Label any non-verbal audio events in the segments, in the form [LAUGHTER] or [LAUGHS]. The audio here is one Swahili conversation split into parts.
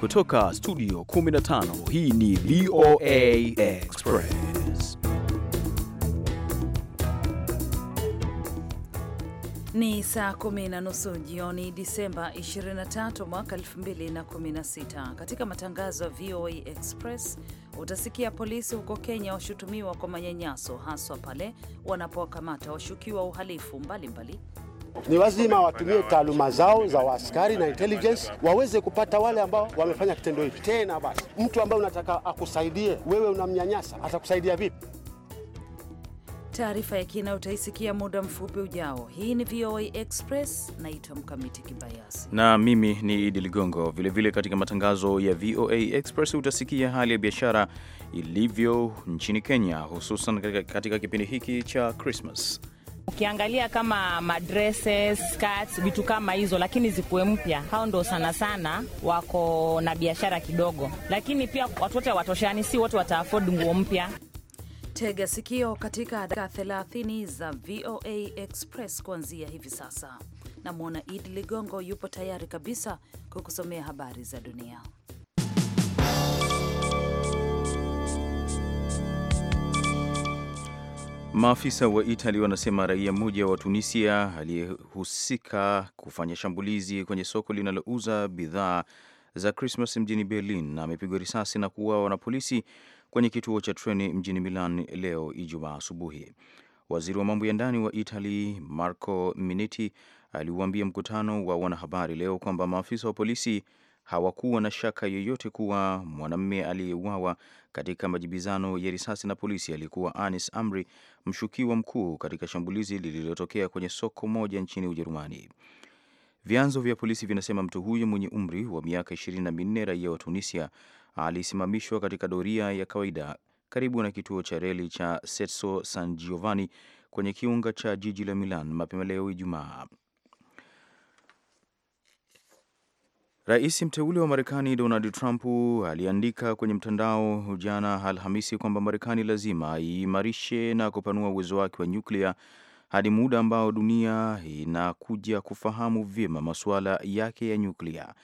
Kutoka studio 15 hii ni VOA Express. Ni saa kumi na nusu jioni Disemba 23 mwaka 2016. Katika matangazo ya VOA Express utasikia polisi huko Kenya washutumiwa kwa manyanyaso, haswa pale wanapowakamata washukiwa uhalifu mbalimbali mbali ni lazima watumie taaluma zao za waaskari na intelligence waweze kupata wale ambao wamefanya kitendo hicho. Tena basi, mtu ambaye unataka akusaidie wewe unamnyanyasa, atakusaidia vipi? Taarifa ya kina utaisikia muda mfupi ujao. Hii ni VOA Express, naitwa Mkamiti Kibayasi na mimi ni Idi Ligongo. Vilevile vile katika matangazo ya VOA Express utasikia hali ya biashara ilivyo nchini Kenya, hususan katika kipindi hiki cha Christmas ukiangalia kama madresses, skirts, vitu kama hizo, lakini zikuwe mpya. Hao ndo sana sana wako na biashara kidogo, lakini pia watu wote watoshani, si wote wata afford nguo mpya. Tega sikio katika dakika 30 za VOA Express kuanzia hivi sasa. Namwona Idi Ligongo yupo tayari kabisa kukusomea habari za dunia. Maafisa wa Itali wanasema raia mmoja wa Tunisia aliyehusika kufanya shambulizi kwenye soko linalouza bidhaa za Krismas mjini Berlin amepigwa risasi na kuuawa na polisi kwenye kituo cha treni mjini Milan leo Ijumaa asubuhi. Waziri wa mambo ya ndani wa Itali Marco miniti aliuambia mkutano wa wanahabari leo kwamba maafisa wa polisi hawakuwa na shaka yoyote kuwa mwanamume aliyeuawa katika majibizano ya risasi na polisi alikuwa Anis Amri, mshukiwa mkuu katika shambulizi lililotokea kwenye soko moja nchini Ujerumani. Vyanzo vya polisi vinasema mtu huyo mwenye umri wa miaka ishirini na minne, raia wa Tunisia, alisimamishwa katika doria ya kawaida karibu na kituo cha reli cha setso San Giovanni kwenye kiunga cha jiji la Milan mapema leo Ijumaa. Rais mteule wa Marekani Donald Trump aliandika kwenye mtandao jana Alhamisi kwamba Marekani lazima iimarishe na kupanua uwezo wake wa nyuklia hadi muda ambao dunia inakuja kufahamu vyema masuala yake ya nyuklia.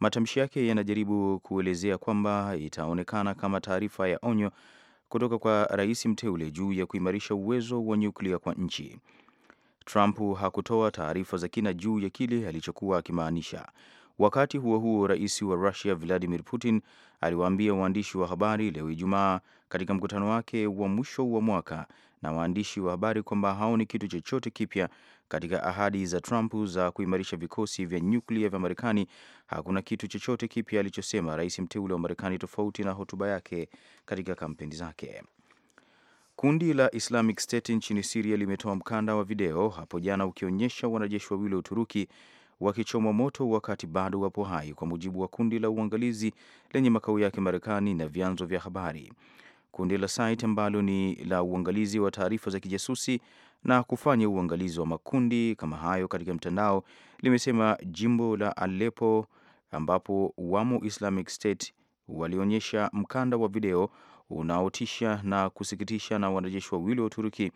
Matamshi yake yanajaribu kuelezea kwamba itaonekana kama taarifa ya onyo kutoka kwa rais mteule juu ya kuimarisha uwezo wa nyuklia kwa nchi. Trump hakutoa taarifa za kina juu ya kile alichokuwa akimaanisha. Wakati huo huo, rais wa Russia Vladimir Putin aliwaambia waandishi wa habari leo Ijumaa katika mkutano wake wa mwisho wa mwaka na waandishi wa habari kwamba haoni kitu chochote kipya katika ahadi za Trump za kuimarisha vikosi vya nyuklia vya Marekani. Hakuna kitu chochote kipya alichosema rais mteule wa Marekani, tofauti na hotuba yake katika kampeni zake. Kundi la Islamic State nchini Siria limetoa mkanda wa video hapo jana ukionyesha wanajeshi wawili wa Uturuki wakichomwa moto wakati bado wapo hai, kwa mujibu wa kundi la uangalizi lenye makao yake Marekani na vyanzo vya habari. Kundi la SITE ambalo ni la uangalizi wa taarifa za kijasusi na kufanya uangalizi wa makundi kama hayo katika mtandao limesema jimbo la Aleppo ambapo wamo Islamic State walionyesha mkanda wa video unaotisha na kusikitisha na wanajeshi wawili wa Uturuki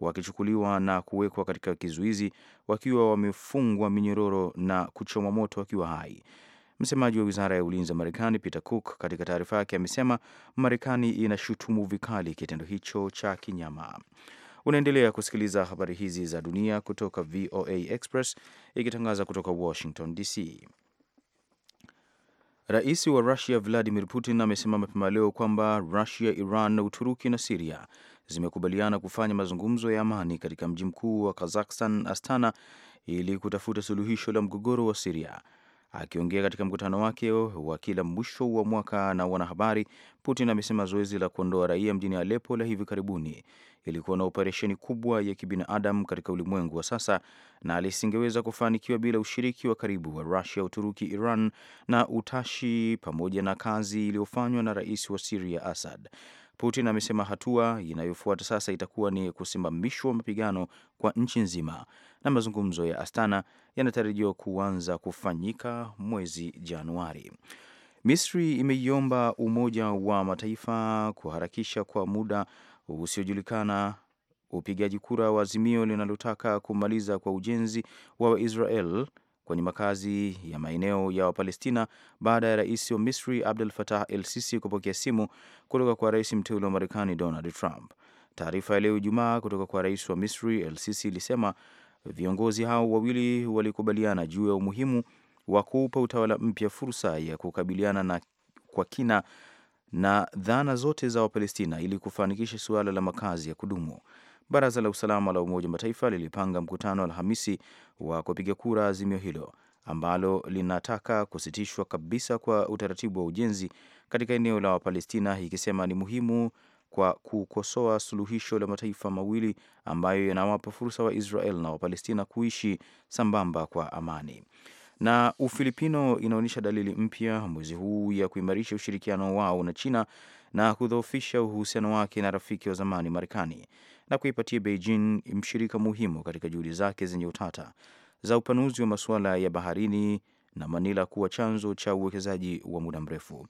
wakichukuliwa na kuwekwa katika kizuizi wakiwa wamefungwa minyororo na kuchomwa moto wakiwa hai. Msemaji wa wizara ya ulinzi wa Marekani Peter Cook katika taarifa yake amesema Marekani inashutumu vikali kitendo hicho cha kinyama. Unaendelea kusikiliza habari hizi za dunia kutoka VOA Express ikitangaza kutoka Washington DC. Rais wa Rusia Vladimir Putin amesema mapema leo kwamba Rusia, Iran na Uturuki na Siria zimekubaliana kufanya mazungumzo ya amani katika mji mkuu wa Kazakhstan, Astana, ili kutafuta suluhisho la mgogoro wa Siria. Akiongea katika mkutano wake wa kila mwisho wa mwaka na wanahabari, Putin amesema zoezi la kuondoa raia mjini Aleppo la hivi karibuni ilikuwa na operesheni kubwa ya kibinadamu katika ulimwengu wa sasa na lisingeweza kufanikiwa bila ushiriki wa karibu wa Russia, Uturuki, Iran na utashi pamoja na kazi iliyofanywa na rais wa Syria Assad. Putin amesema hatua inayofuata sasa itakuwa ni kusimamishwa mapigano kwa nchi nzima, na mazungumzo ya Astana yanatarajiwa kuanza kufanyika mwezi Januari. Misri imeiomba Umoja wa Mataifa kuharakisha kwa muda usiojulikana upigaji kura wa azimio linalotaka kumaliza kwa ujenzi wa Israel kwenye makazi ya maeneo ya Wapalestina baada ya rais wa Misri Abdel Fattah El Sisi kupokea simu kutoka kwa rais mteule wa Marekani Donald Trump. Taarifa ya leo Ijumaa kutoka kwa rais wa Misri El Sisi ilisema viongozi hao wawili walikubaliana juu ya umuhimu wa kuupa utawala mpya fursa ya kukabiliana na kwa kina na dhana zote za Wapalestina ili kufanikisha suala la makazi ya kudumu. Baraza la usalama la Umoja wa Mataifa lilipanga mkutano Alhamisi wa kupiga kura azimio hilo ambalo linataka kusitishwa kabisa kwa utaratibu wa ujenzi katika eneo la Wapalestina, ikisema ni muhimu kwa kukosoa suluhisho la mataifa mawili ambayo yanawapa fursa wa Israel na Wapalestina kuishi sambamba kwa amani. Na Ufilipino inaonyesha dalili mpya mwezi huu ya kuimarisha ushirikiano wao na China na kudhoofisha uhusiano wake na rafiki wa zamani Marekani na kuipatia Beijing mshirika muhimu katika juhudi zake zenye utata za upanuzi wa masuala ya baharini na Manila kuwa chanzo cha uwekezaji wa muda mrefu.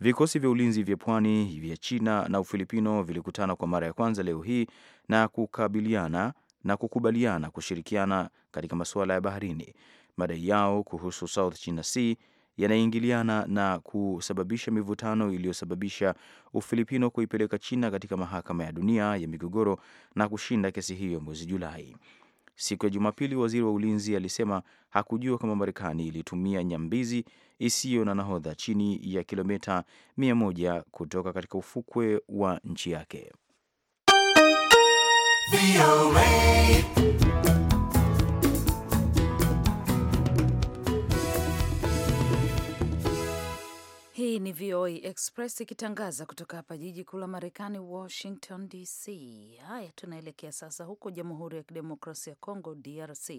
Vikosi vya ulinzi vya pwani vya China na Ufilipino vilikutana kwa mara ya kwanza leo hii na kukabiliana na kukubaliana kushirikiana katika masuala ya baharini. Madai yao kuhusu South China Sea yanaingiliana na kusababisha mivutano iliyosababisha Ufilipino kuipeleka China katika mahakama ya dunia ya migogoro na kushinda kesi hiyo mwezi Julai. Siku ya Jumapili, waziri wa ulinzi alisema hakujua kama Marekani ilitumia nyambizi isiyo na nahodha chini ya kilomita 1 kutoka katika ufukwe wa nchi yake. Hii ni VOA Express ikitangaza kutoka hapa jiji kuu la Marekani, Washington DC. Haya, tunaelekea sasa huko Jamhuri ya Kidemokrasia ya Kongo, DRC.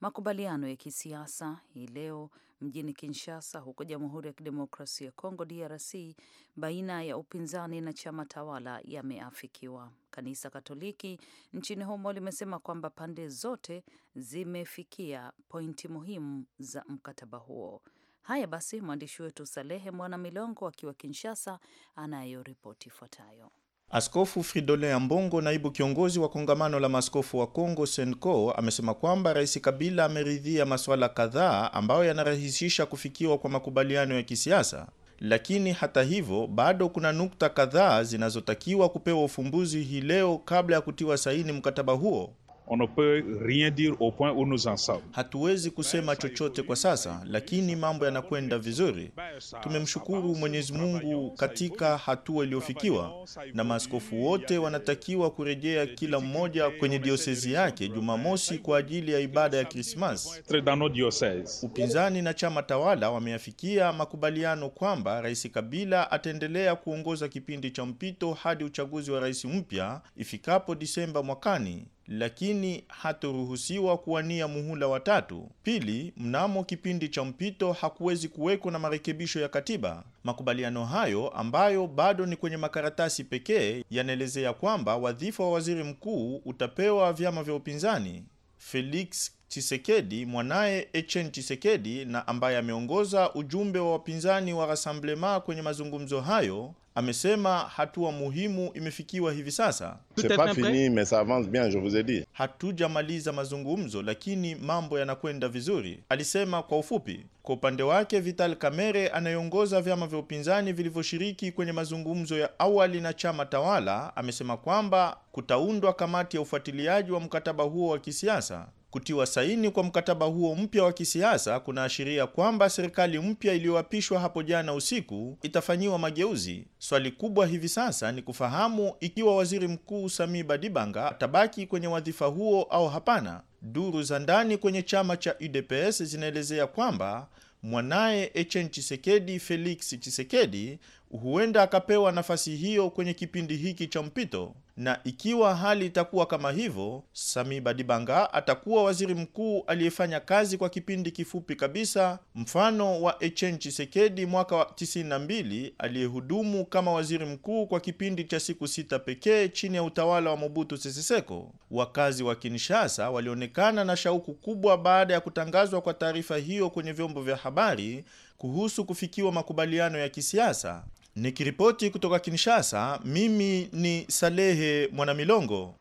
Makubaliano ya kisiasa hii leo mjini Kinshasa, huko Jamhuri ya Kidemokrasia ya Kongo, DRC, baina ya upinzani na chama tawala yameafikiwa. Kanisa Katoliki nchini humo limesema kwamba pande zote zimefikia pointi muhimu za mkataba huo. Haya basi, mwandishi wetu Salehe Mwana Milongo akiwa Kinshasa anayo ripoti ifuatayo. Askofu Fridolin Ambongo, naibu kiongozi wa kongamano la maskofu wa Kongo Senko, amesema kwamba Rais Kabila ameridhia masuala kadhaa ambayo yanarahisisha kufikiwa kwa makubaliano ya kisiasa, lakini hata hivyo bado kuna nukta kadhaa zinazotakiwa kupewa ufumbuzi hii leo kabla ya kutiwa saini mkataba huo On ne peut rien dire au point où nous en sommes. Hatuwezi kusema chochote kwa sasa, lakini mambo yanakwenda vizuri. Tumemshukuru Mwenyezi Mungu katika hatua iliyofikiwa, na maaskofu wote wanatakiwa kurejea kila mmoja kwenye diosezi yake Jumamosi kwa ajili ya ibada ya Krismas. Upinzani na chama tawala wameafikia makubaliano kwamba Rais Kabila ataendelea kuongoza kipindi cha mpito hadi uchaguzi wa rais mpya ifikapo Disemba mwakani lakini hatoruhusiwa kuwania muhula watatu. Pili, mnamo kipindi cha mpito hakuwezi kuweko na marekebisho ya katiba. Makubaliano hayo ambayo bado ni kwenye makaratasi pekee yanaelezea kwamba wadhifa wa waziri mkuu utapewa vyama vya upinzani. Felix Chisekedi, mwanaye Etienne Chisekedi, na ambaye ameongoza ujumbe wa wapinzani wa Rassemblement kwenye mazungumzo hayo amesema hatua muhimu imefikiwa hivi sasa. Hatujamaliza mazungumzo, lakini mambo yanakwenda vizuri, alisema kwa ufupi. Kwa upande wake, Vital Kamerhe anayeongoza vyama vya upinzani vilivyoshiriki kwenye mazungumzo ya awali na chama tawala amesema kwamba kutaundwa kamati ya ufuatiliaji wa mkataba huo wa kisiasa Kutiwa saini kwa mkataba huo mpya wa kisiasa kunaashiria kwamba serikali mpya iliyoapishwa hapo jana usiku itafanyiwa mageuzi. Swali kubwa hivi sasa ni kufahamu ikiwa waziri mkuu Sami Badibanga atabaki kwenye wadhifa huo au hapana. Duru za ndani kwenye chama cha UDPS zinaelezea kwamba mwanaye Etienne Chisekedi Felix Chisekedi huenda akapewa nafasi hiyo kwenye kipindi hiki cha mpito, na ikiwa hali itakuwa kama hivyo, Sami Badibanga atakuwa waziri mkuu aliyefanya kazi kwa kipindi kifupi kabisa, mfano wa Etienne Tshisekedi mwaka wa 92 aliyehudumu kama waziri mkuu kwa kipindi cha siku sita pekee chini ya utawala wa Mobutu Sese Seko. Wakazi wa Kinshasa walionekana na shauku kubwa baada ya kutangazwa kwa taarifa hiyo kwenye vyombo vya habari kuhusu kufikiwa makubaliano ya kisiasa. Nikiripoti kutoka Kinshasa, mimi ni Salehe Mwanamilongo.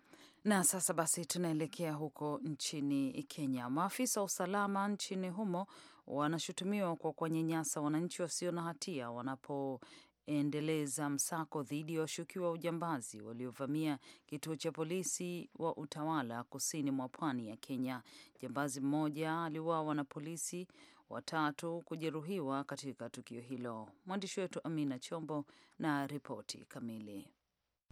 Na sasa basi tunaelekea huko nchini Kenya. Maafisa wa usalama nchini humo wanashutumiwa kwa kuwanyanyasa wananchi wasio na hatia wanapo endeleza msako dhidi ya wa washukiwa wa ujambazi waliovamia kituo cha polisi wa utawala kusini mwa pwani ya Kenya. Jambazi mmoja aliuawa na polisi watatu kujeruhiwa katika tukio hilo. Mwandishi wetu Amina Chombo na ripoti kamili.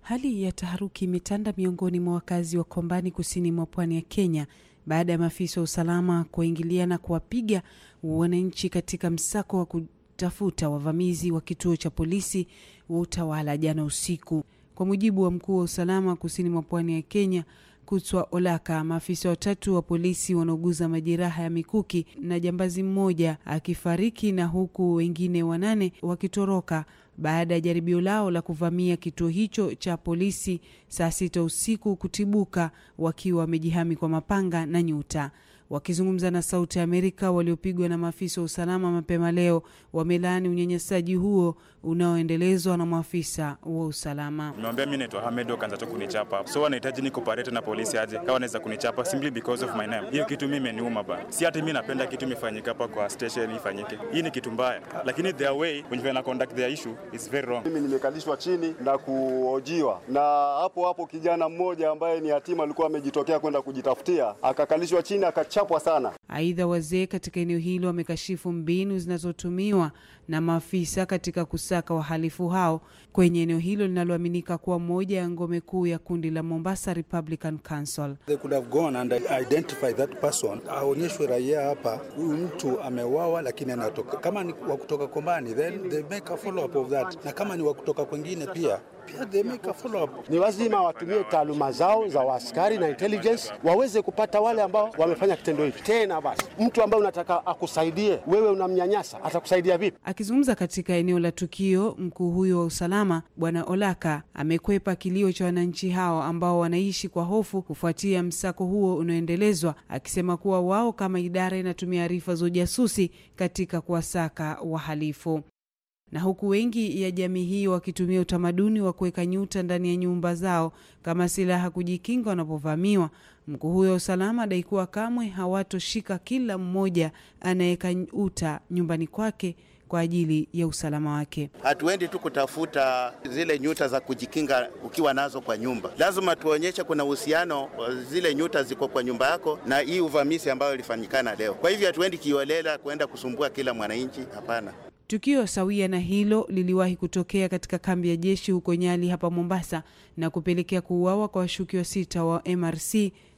Hali ya taharuki imetanda miongoni mwa wakazi wa Kombani, kusini mwa pwani ya Kenya, baada ya maafisa wa usalama kuingilia na kuwapiga wananchi katika msako wa kutafuta wavamizi wa kituo cha polisi wa utawala jana usiku. Kwa mujibu wa mkuu wa usalama kusini mwa pwani ya Kenya, kutwa Olaka, maafisa watatu wa polisi wanaoguza majeraha ya mikuki na jambazi mmoja akifariki na huku wengine wanane wakitoroka baada ya jaribio lao la kuvamia kituo hicho cha polisi saa sita usiku kutibuka wakiwa wamejihami kwa mapanga na nyuta. Wakizungumza na Sauti ya Amerika, waliopigwa na maafisa wa usalama mapema leo wamelaani unyanyasaji huo unaoendelezwa na maafisa wa usalama. Nimemwambia mi naitwa Hamedo Kanza tu kunichapa, so wanahitaji ni cooperate na polisi aje kama wanaweza kunichapa simply because of my name. Hiyo kitu mi imeniuma bana, si hati mi napenda kitu imefanyika hapa kwa station ifanyike. Hii ni kitu mbaya, lakini their way when conduct their issue is very wrong. Mimi nimekalishwa chini na kuojiwa, na hapo hapo kijana mmoja ambaye ni hatima alikuwa amejitokea kwenda kujitafutia akakalishwa chini akacha wamechapwa sana. Aidha, wazee katika eneo hilo wamekashifu mbinu zinazotumiwa na maafisa katika kusaka wahalifu hao kwenye eneo hilo linaloaminika kuwa moja ya ngome kuu ya kundi la Mombasa Republican Council. They could have gone and identify that person, aonyeshwe raia hapa, huyu mtu amewawa, lakini anatoka kama ni wa kutoka Kombani, then they make a follow up of that, na kama ni wa kutoka kwengine pia pia follow Ni lazima watumie taaluma zao za waaskari na intelligence waweze kupata wale ambao wamefanya kitendo hicho. Tena basi, mtu ambaye unataka akusaidie wewe unamnyanyasa, atakusaidia vipi? Akizungumza katika eneo la tukio, mkuu huyo wa usalama Bwana Olaka amekwepa kilio cha wananchi hao ambao wanaishi kwa hofu kufuatia msako huo unaoendelezwa, akisema kuwa wao kama idara inatumia arifa za ujasusi katika kuwasaka wahalifu na huku wengi ya jamii hii wakitumia utamaduni wa kuweka nyuta ndani ya nyumba zao kama silaha kujikinga wanapovamiwa. Mkuu huyo wa usalama adai kuwa kamwe hawatoshika kila mmoja anayeweka uta nyumbani kwake kwa ajili ya usalama wake. Hatuendi tu kutafuta zile nyuta za kujikinga ukiwa nazo kwa nyumba, lazima tuonyeshe kuna uhusiano, zile nyuta ziko kwa nyumba yako na hii uvamizi ambayo ilifanyikana leo. Kwa hivyo hatuendi kiolela kuenda kusumbua kila mwananchi, hapana. Tukio sawia na hilo liliwahi kutokea katika kambi ya jeshi huko Nyali hapa Mombasa na kupelekea kuuawa kwa washukiwa sita wa MRC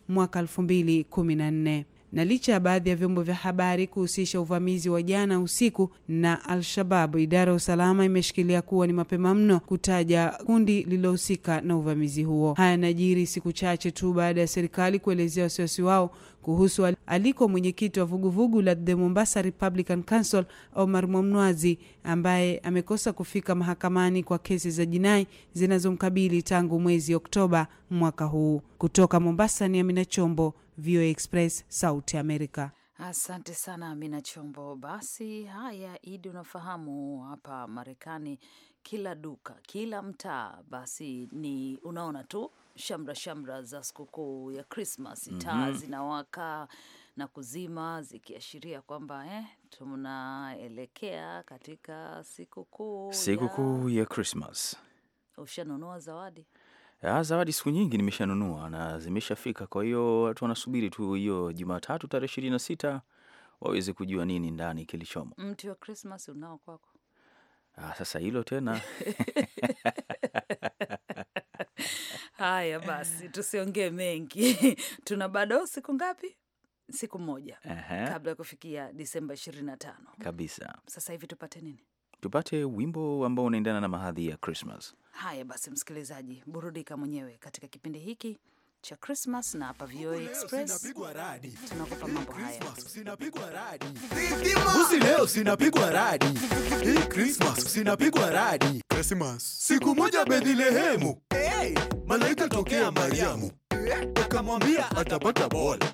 mwaka 2014 na licha ya baadhi ya vyombo vya habari kuhusisha uvamizi wa jana usiku na Al-Shababu, idara ya usalama imeshikilia kuwa ni mapema mno kutaja kundi lililohusika na uvamizi huo. Haya yanajiri siku chache tu baada ya serikali kuelezea wasiwasi wao kuhusu aliko mwenyekiti wa vuguvugu la The Mombasa Republican Council Omar mwamnwazi ambaye amekosa kufika mahakamani kwa kesi za jinai zinazomkabili tangu mwezi Oktoba mwaka huu. Kutoka Mombasa ni Amina Chombo, VOA Express, Sauti Amerika. Asante sana Amina Chombo. Basi haya, Idi, unafahamu hapa Marekani kila duka, kila mtaa, basi ni unaona tu shamra shamra za sikukuu ya Krismas, mhm. taa mm -hmm. zinawaka na kuzima zikiashiria kwamba eh, tunaelekea katika sikukuu sikukuu ya Krismas. Ushanunua zawadi? Ah, zawadi siku nyingi nimeshanunua na zimeshafika, kwa hiyo watu wanasubiri tu hiyo Jumatatu tarehe ishirini na sita waweze kujua nini ndani kilichomo. Mti wa Christmas unao kwako? Ah, sasa hilo tena [LAUGHS] Haya basi, tusiongee mengi [LAUGHS] tuna bado siku ngapi? Siku moja, uh -huh. kabla ya kufikia Disemba ishirini na tano kabisa. Sasa hivi tupate nini? tupate wimbo ambao unaendana na mahadhi ya Christmas. Haya basi, msikilizaji, burudika mwenyewe katika kipindi hiki cha Christmas na hapa VOA Express tunakupa mambo haya. Sinapigwa radi. Usi leo sinapigwa radi. Hii Christmas sinapigwa radi. Christmas. Siku moja Bethlehemu. Hey, malaika tokea Mariamu. Akamwambia atapata bola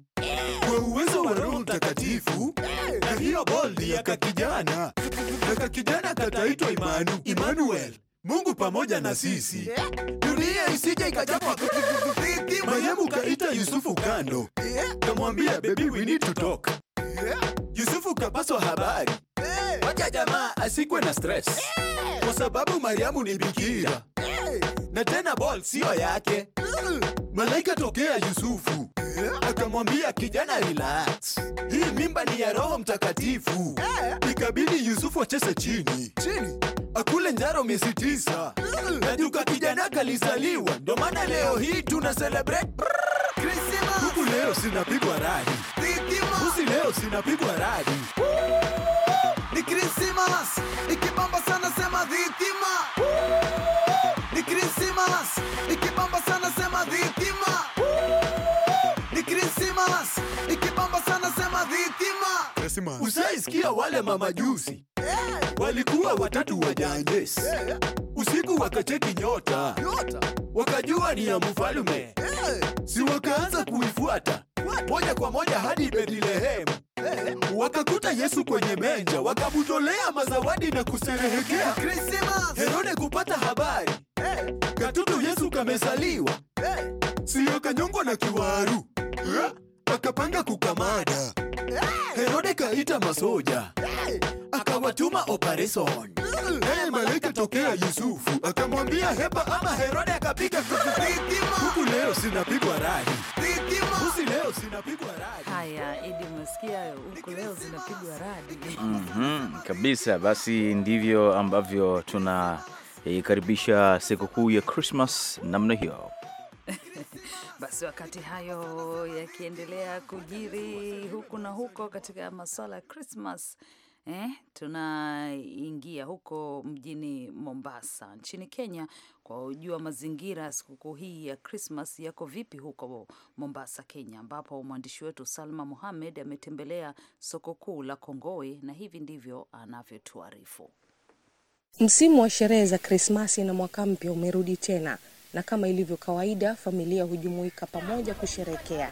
kwa uwezo wa Roho Mtakatifu na hiyo boldi ya kakijana na kakijana kataitwa Imanu, Immanuel, Mungu pamoja na sisi. Dunia isije ikachapa Mariamu kaita Yusufu kando, kamwambia bebi we need to talk. Yusufu kapaswa habari, wacha jamaa asikwe na stress, kwa sababu Mariamu ni bikira na tena ball siyo yake. Malaika tokea Yusufu akamwambia kijana, relax, hii mimba ni ya Roho Mtakatifu. Ikabidi Yusufu achese chini chini akule njaro miezi tisa na duka kijana kalizaliwa. Ndo maana leo hii tuna celebrate Christmas, huku leo sinapigwa radi, usi leo sinapigwa radi, ni Christmas sana, sema dhitima Christmas. Usaisikia wale mamajusi walikuwa watatu wajanjes, usiku wakacheki nyota, wakajua ni ya mfalume, si wakaanza kuifuata moja kwa moja hadi Bethlehemu. Wakakuta Yesu kwenye menja, wakamutolea mazawadi na kuserehekea Krismasi. Herode kupata habari katoto Yesu kamesaliwa siyo kanyongwa na kiwaru, akapanga kukamada Herode kaita masoja akawatuma operation. Hey, malaika tokea Yusufu akamwambia hepa ama Herode akapiga huku, leo leo sinapigwa zinapigwa radi mhm, kabisa. Basi ndivyo ambavyo tunaikaribisha eh, sikukuu ya Christmas namna hiyo. [LAUGHS] Basi wakati hayo yakiendelea kujiri huku na huko katika masuala ya Krismas eh, tunaingia huko mjini Mombasa nchini Kenya kwa ujua mazingira ya sikukuu hii ya Krismas yako vipi huko Mombasa, Kenya, ambapo mwandishi wetu Salma muhamed ametembelea soko kuu la Kongowe na hivi ndivyo anavyotuarifu. Msimu wa sherehe za Krismasi na mwaka mpya umerudi tena na kama ilivyo kawaida, familia hujumuika pamoja kusherekea.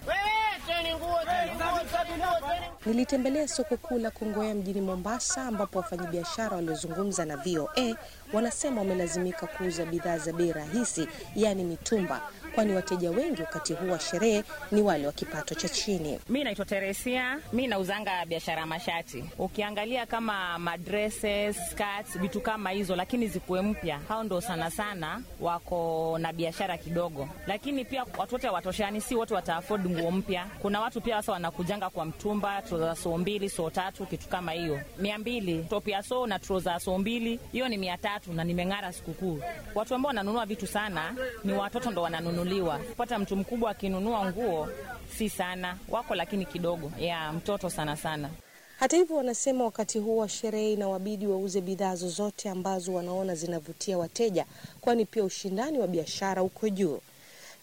Nilitembelea soko kuu la Kongowea mjini Mombasa, ambapo wafanyabiashara waliozungumza na VOA wanasema wamelazimika kuuza bidhaa za bei rahisi, yaani mitumba, kwani wateja wengi wakati huu wa sherehe ni wale wa kipato cha chini. Mi naitwa Teresia, mi nauzanga biashara ya mashati. Ukiangalia kama madresses, skirts, vitu kama hizo, lakini zikuwe mpya. Hao ndo sana sana wako na biashara kidogo, lakini pia watu wote hawatoshani, si wote wataafod nguo mpya. Kuna watu pia sasa wanakujanga kwa mtumba, troza so mbili so tatu, kitu kama hiyo, mia mbili topia so na troza so mbili, hiyo ni mia tatu tatu na nimeng'ara sikukuu. Watu ambao wananunua vitu sana ni watoto ndo wananunuliwa. Pata mtu mkubwa akinunua nguo si sana, wako lakini kidogo ya mtoto sana sana. Hata hivyo, wanasema wakati huu wa sherehe inawabidi wauze bidhaa zozote ambazo wanaona zinavutia wateja, kwani pia ushindani wa biashara uko juu.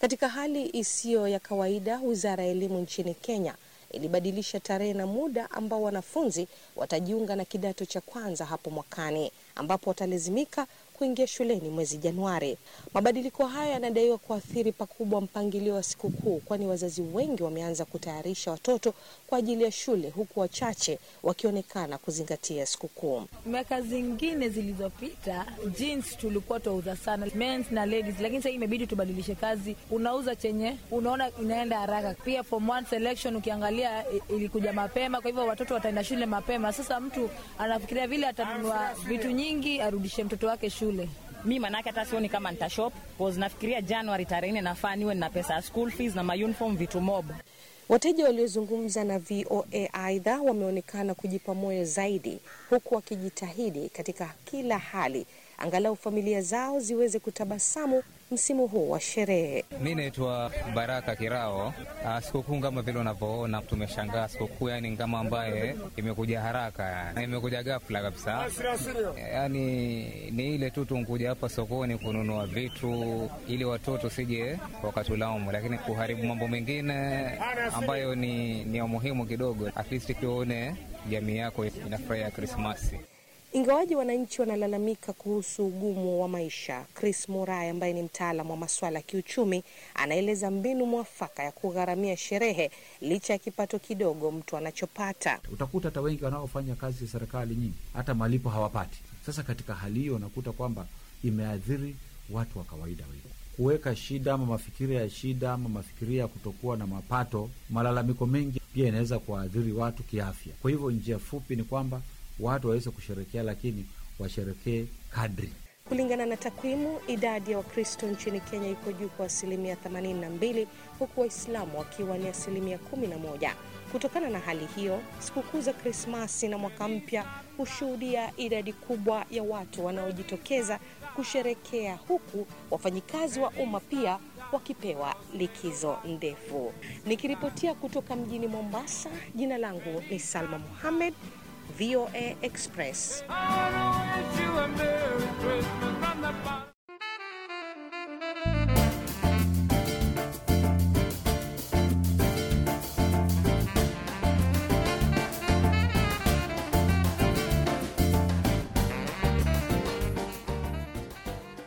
Katika hali isiyo ya kawaida, wizara ya elimu nchini Kenya ilibadilisha tarehe na muda ambao wanafunzi watajiunga na kidato cha kwanza hapo mwakani ambapo watalazimika kuingia shuleni mwezi Januari. Mabadiliko haya yanadaiwa kuathiri pakubwa mpangilio wa sikukuu, kwani wazazi wengi wameanza kutayarisha watoto kwa ajili ya shule, huku wachache wakionekana kuzingatia sikukuu. Miaka zingine zilizopita jeans tulikuwa twauza sana men's na ladies, lakini sahii imebidi tubadilishe kazi, unauza chenye unaona inaenda haraka. Pia form one selection ukiangalia ilikuja mapema, kwa hivyo watoto wataenda shule mapema. Sasa mtu anafikiria vile atanunua vitu nyingi arudishe mtoto wake shule shule. Mi manake hata sioni kama nitashop nafikiria Januari tarehe nne nafaa niwe na pesa ya school fees na mauniform vitu mob. Wateja waliozungumza na VOA aidha wameonekana kujipa moyo zaidi, huku wakijitahidi katika kila hali angalau familia zao ziweze kutabasamu msimu huu wa sherehe. Mi naitwa Baraka Kirao. Ah, sikukuu kama vile unavyoona, tumeshangaa sikukuu, yani kama ambaye imekuja haraka, imekuja ghafla kabisa. Yani ni ile tu tunkuja hapa sokoni kununua vitu ili watoto sije wakatulaumu, lakini kuharibu mambo mengine ambayo ni, ya muhimu kidogo, at least tuone jamii yako inafurahia Krismasi. Ingawaji wananchi wanalalamika kuhusu ugumu wa maisha, Chris Murai ambaye ni mtaalam wa masuala ya kiuchumi anaeleza mbinu mwafaka ya kugharamia sherehe licha ya kipato kidogo mtu anachopata. Utakuta hata wengi wanaofanya kazi ya serikali nyingi hata malipo hawapati. Sasa katika hali hiyo, unakuta kwamba imeathiri watu wa kawaida wengi kuweka shida ama mafikiria ya shida ama mafikiria ya kutokuwa na mapato. Malalamiko mengi pia inaweza kuwaadhiri watu kiafya. Kwa hivyo njia fupi ni kwamba watu waweze kusherekea, lakini washerekee kadri Kulingana na takwimu, idadi ya Wakristo nchini Kenya iko juu kwa asilimia 82 huku Waislamu wakiwa ni asilimia 11. Kutokana na hali hiyo, sikukuu za Krismasi na mwaka mpya hushuhudia idadi kubwa ya watu wanaojitokeza kusherekea, huku wafanyikazi wa umma pia wakipewa likizo ndefu. Nikiripotia kutoka mjini Mombasa, jina langu ni Salma Muhamed. VOA Express.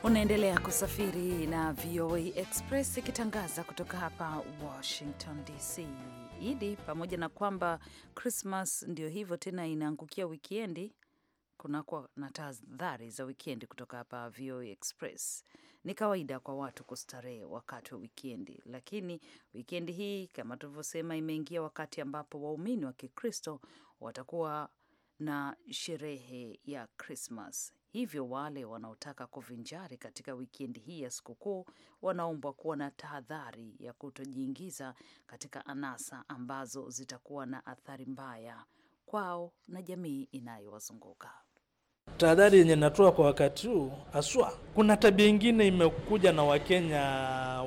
Unaendelea kusafiri na VOA Express ikitangaza kutoka hapa Washington DC. Idi, pamoja na kwamba Krismas ndio hivyo tena inaangukia wikendi, kunakuwa na tahadhari za wikendi kutoka hapa VOA e Express. Ni kawaida kwa watu kustarehe wakati wa wikendi, lakini wikendi hii kama tulivyosema, imeingia wakati ambapo waumini wa Kikristo watakuwa na sherehe ya Krismas. Hivyo wale wanaotaka kuvinjari katika wikendi hii ya sikukuu wanaombwa kuwa na tahadhari ya kutojiingiza katika anasa ambazo zitakuwa na athari mbaya kwao na jamii inayowazunguka. Tahadhari yenye natoa kwa wakati huu haswa, kuna tabia ingine imekuja na Wakenya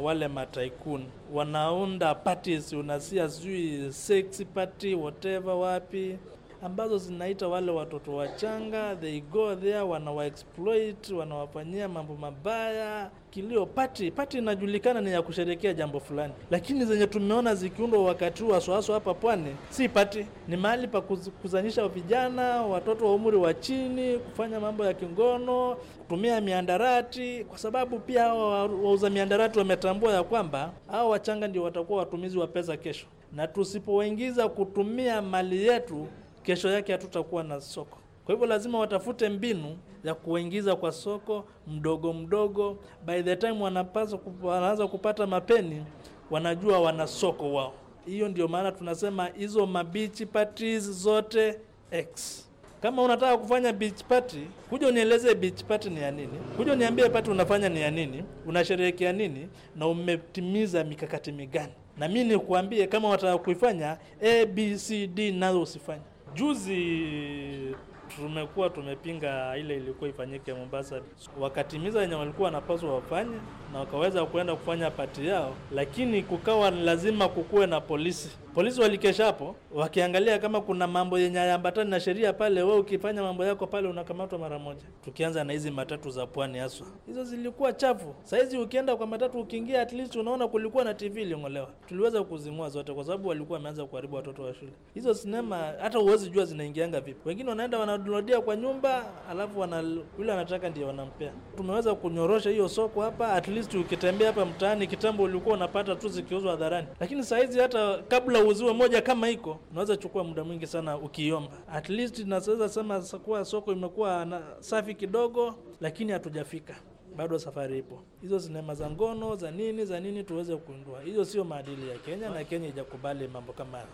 wale mataikun wanaunda parties, unasia sijui sex party whatever, wapi ambazo zinaita wale watoto wachanga, they go there, exploit, wanawafanyia mambo mabaya. Kilio pati pati inajulikana ni ya kusherekea jambo fulani, lakini zenye tumeona zikiundwa wakati huu haswahaswa hapa pwani si pati, ni mahali pa kuzanyisha vijana, watoto wa umri wa chini, kufanya mambo ya kingono, kutumia miandarati, kwa sababu pia hao wauza miandarati wametambua ya kwamba hao wachanga ndio watakuwa watumizi wa pesa kesho, na tusipowaingiza kutumia mali yetu kesho yake hatutakuwa na soko. Kwa hivyo lazima watafute mbinu ya kuingiza kwa soko mdogo mdogo. By the time wanapaswa wanaanza kupata mapeni, wanajua wana soko wao. Hiyo ndio maana tunasema hizo mabichi parties zote X. Kama unataka kufanya beach party, kuja unieleze beach party ni ya nini, kuja uniambie party unafanya ni ya nini, unasherehekea nini na umetimiza mikakati migani, na mimi nikuambie kama unataka kuifanya A B C D nazo usifanye. Juzi tumekuwa tumepinga ile ilikuwa ifanyike Mombasa, wakatimiza yenye walikuwa wanapaswa wafanye na wakaweza kuenda kufanya pati yao, lakini kukawa lazima kukuwe na polisi Polisi walikesha hapo wakiangalia kama kuna mambo yenye ambatani na sheria pale. Wewe ukifanya mambo yako pale unakamatwa mara moja. Tukianza na hizi matatu za pwani haswa, hizo zilikuwa chafu. Saizi ukienda kwa matatu, ukiingia, at least unaona kulikuwa na TV ilingolewa Tuliweza kuzimua zote kwa sababu walikuwa wameanza kuharibu watoto wa shule. Hizo sinema hata uwezi jua zinaingianga vipi. Wengine wanaenda wanadunodia kwa nyumba, alafu wana yule anataka ndio wanampea. Tumeweza kunyorosha hiyo soko hapa, at least ukitembea hapa mtaani, kitambo ulikuwa unapata tu zikiuzwa hadharani, lakini saizi hata kabla uziwa moja kama iko, unaweza chukua muda mwingi sana ukiomba. At least naweza sema kuwa soko imekuwa safi kidogo, lakini hatujafika bado safari ipo. Hizo sinema za ngono za nini za nini tuweze kuindua, hizo sio maadili ya Kenya na Kenya ijakubali mambo kama hayo.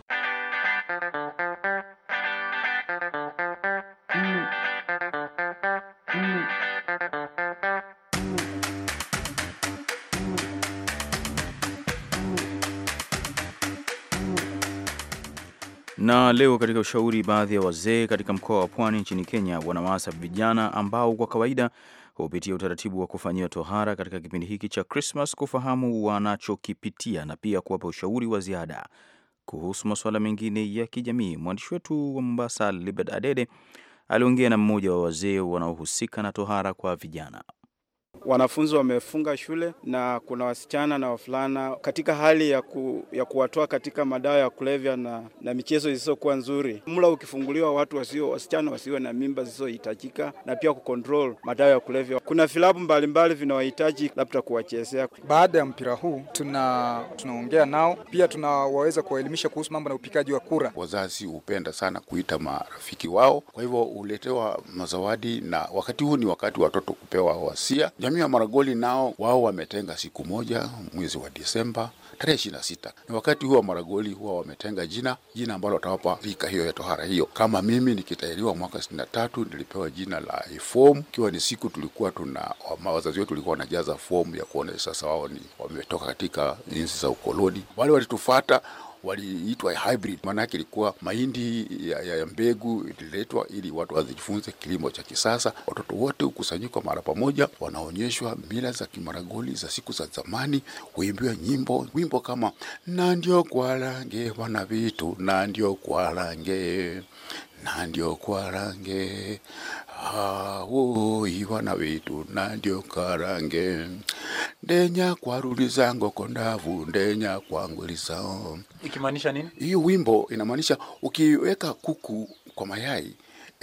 Mm. Mm. Na leo katika ushauri, baadhi ya wazee katika mkoa wa Pwani nchini Kenya wanawaasa vijana ambao kwa kawaida hupitia utaratibu wa kufanyiwa tohara katika kipindi hiki cha Krismas kufahamu wanachokipitia na pia kuwapa ushauri wa ziada kuhusu masuala mengine ya kijamii. Mwandishi wetu wa Mombasa, Libert Adede, aliongea na mmoja wa wazee wanaohusika na tohara kwa vijana. Wanafunzi wamefunga shule na kuna wasichana na wafulana katika hali ya, ku, ya kuwatoa katika madawa ya kulevya na, na michezo zisizokuwa nzuri. Mla ukifunguliwa watu wasio, wasichana wasiwe na mimba zisizohitajika na pia kukontrol madawa ya kulevya. Kuna vilabu mbalimbali vinawahitaji labda kuwachezea. Baada ya mpira huu tuna tunaongea nao pia tunawaweza kuwaelimisha kuhusu mambo na upikaji wa kura. Wazazi hupenda sana kuita marafiki wao, kwa hivyo huletewa mazawadi, na wakati huu ni wakati watoto kupewa wasia Jamii ya Maragoli nao wao wametenga siku moja mwezi wa Disemba tarehe ishirini na sita ni wakati huo wa Maragoli huwa wametenga jina jina ambalo watawapa rika hiyo ya tohara hiyo. Kama mimi nikitahiriwa mwaka sitini na tatu nilipewa jina la fomu, ikiwa ni siku tulikuwa tuna wazazi wetu walikuwa wanajaza fomu ya kuonesha sasa wao ni wametoka katika nchi za ukoloni. Wale walitufata waliitwa hybrid, maana ilikuwa mahindi ya, ya, ya mbegu ililetwa ili watu wajifunze kilimo cha kisasa. Watoto wote hukusanyikwa mara pamoja, wanaonyeshwa mila za Kimaragoli za siku za zamani, huimbiwa nyimbo wimbo kama na ndio range wana vitu na ndio range na ndio kwarange hawo na wetu na ndio karange ndenya kwaruliza ngoko ndavu ndenya kwangulisa ikimaanisha nini hii wimbo inamaanisha ukiweka kuku kwa mayai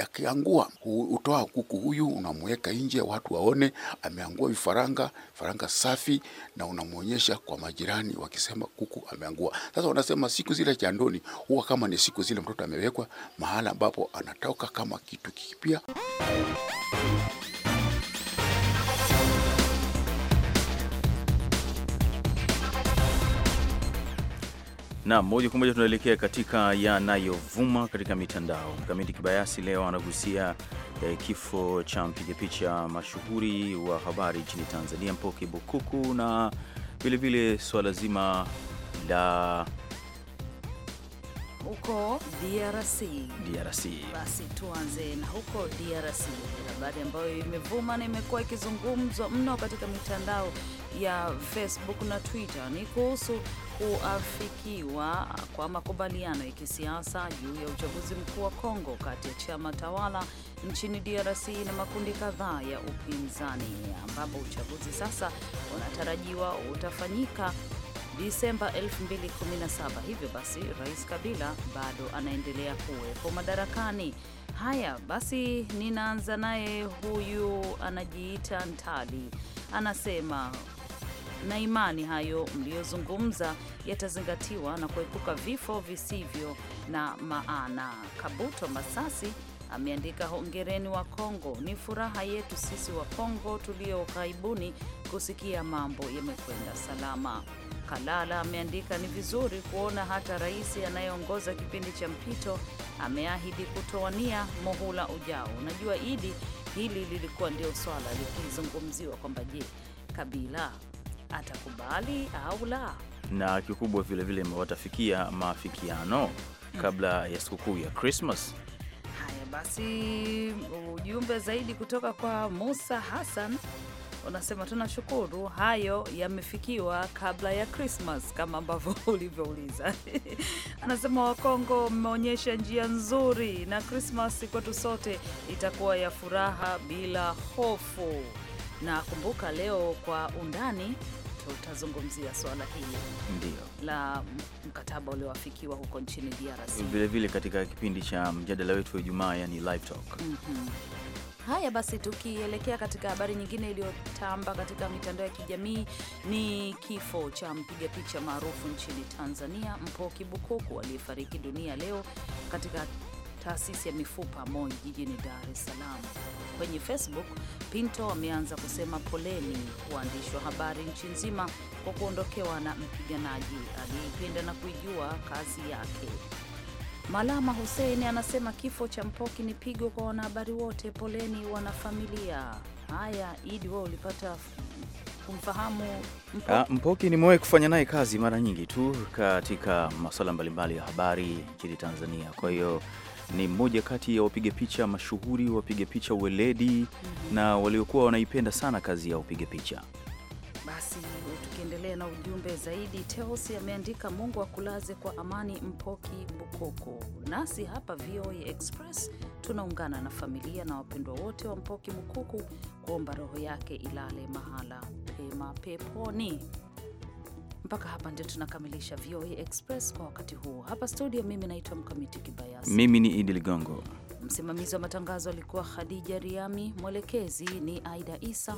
yakiangua, hutoa kuku huyu, unamweka nje, watu waone ameangua vifaranga, faranga safi, na unamwonyesha kwa majirani, wakisema kuku ameangua. Sasa wanasema siku zile chandoni huwa kama ni siku zile mtoto amewekwa mahala ambapo anatoka kama kitu kipya. Na moja kwa moja tunaelekea katika yanayovuma katika mitandao. Mkamiti Kibayasi leo anagusia eh, kifo cha mpiga picha mashuhuri wa habari nchini Tanzania Mpoke Bukuku, na vilevile suala zima la huko DRC. DRC. Basi tuanze na huko DRC, habari ambayo imevuma na imekuwa ikizungumzwa mno katika mitandao ya Facebook na Twitter ni kuhusu kuafikiwa kwa makubaliano ya kisiasa juu ya uchaguzi mkuu wa Kongo kati ya chama tawala nchini DRC na makundi kadhaa ya upinzani ambapo uchaguzi sasa unatarajiwa utafanyika Disemba 2017. Hivyo basi Rais Kabila bado anaendelea kuwepo madarakani. Haya basi, ninaanza naye huyu anajiita Ntali, anasema na imani hayo mliyozungumza yatazingatiwa na kuepuka vifo visivyo na maana. Kabuto Masasi ameandika hongereni wa Kongo, ni furaha yetu sisi wa Kongo tulio ghaibuni kusikia mambo yamekwenda salama. Kalala ameandika ni vizuri kuona hata rais anayeongoza kipindi cha mpito ameahidi kutoania muhula ujao. Unajua Idi, hili lilikuwa ndio swala likizungumziwa kwamba je, Kabila atakubali au la, na kikubwa vilevile watafikia maafikiano kabla ya sikukuu ya Krismas. Haya basi, ujumbe zaidi kutoka kwa Musa Hassan unasema tunashukuru hayo yamefikiwa kabla ya Krismas kama ambavyo [LAUGHS] ulivyouliza. [LAUGHS] Anasema Wakongo mmeonyesha njia nzuri, na Krismas kwetu sote itakuwa ya furaha bila hofu. Na kumbuka leo kwa undani utazungumzia swala hili ndio la mkataba ulioafikiwa huko nchini DRC, vilevile katika kipindi cha mjadala wetu wa Ijumaa, yani live talk. mm -hmm. Haya basi, tukielekea katika habari nyingine iliyotamba katika mitandao ya kijamii ni kifo cha mpiga picha maarufu nchini Tanzania Mpoki Bukuku aliyefariki dunia leo katika taasisi ya mifupa MOI jijini Dar es Salaam. Kwenye Facebook, Pinto ameanza kusema poleni kuandishwa habari nchi nzima kwa kuondokewa na mpiganaji aliyeipenda na kuijua kazi yake. Malama husein anasema kifo cha Mpoki ni pigo kwa wanahabari wote, poleni wanafamilia. Haya, Idi, wewe ulipata kumfahamu Mpoki? Ah, Mpoki nimewahi kufanya naye kazi mara nyingi tu katika masuala mbalimbali ya habari nchini Tanzania, kwa hiyo ni mmoja kati ya wapiga picha mashuhuri, wapiga picha weledi mm -hmm. na waliokuwa wanaipenda sana kazi ya upiga picha. Basi tukiendelea na ujumbe zaidi, teos ameandika Mungu akulaze kwa amani, Mpoki Bukoko. Nasi hapa VOA Express tunaungana na familia na wapendwa wote wa Mpoki Mukoko kuomba roho yake ilale mahala pema peponi. Mpaka hapa ndio tunakamilisha VOA e Express kwa wakati huu. Hapa studio, mimi naitwa Mkamiti Kibayasi, mimi ni Idi Ligongo. Msimamizi wa matangazo alikuwa Khadija Riami, mwelekezi ni Aida Isa.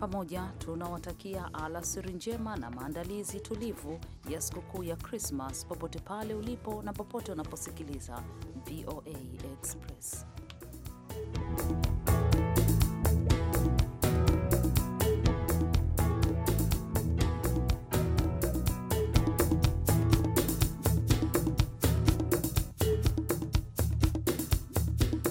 Pamoja tunawatakia alasiri njema na maandalizi tulivu ya sikukuu ya Krismas, popote pale ulipo na popote unaposikiliza VOA e Express.